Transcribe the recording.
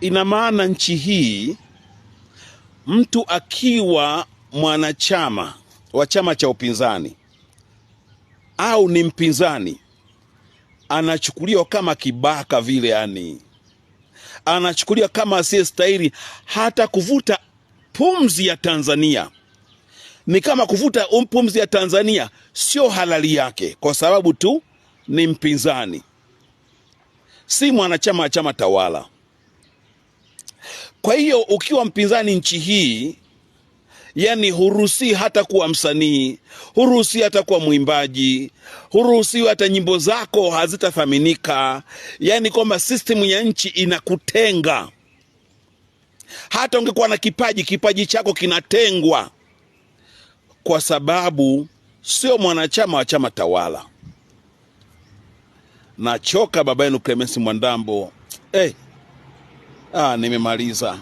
Ina maana nchi hii mtu akiwa mwanachama wa chama cha upinzani au ni mpinzani anachukuliwa kama kibaka vile, yani anachukuliwa kama asiye stahili hata kuvuta pumzi ya Tanzania. Ni kama kuvuta um-, pumzi ya Tanzania sio halali yake, kwa sababu tu ni mpinzani, si mwanachama wa chama tawala. Kwa hiyo ukiwa mpinzani nchi hii, yani huruhusi hata kuwa msanii, huruhusi hata kuwa mwimbaji, huruhusi hata, nyimbo zako hazitathaminika, yani kwamba sistemu ya nchi inakutenga. Hata ungekuwa na kipaji, kipaji chako kinatengwa kwa sababu sio mwanachama wa chama tawala. Nachoka baba yenu Clemence Mwandambo, hey. Eh, Ah, nimemaliza.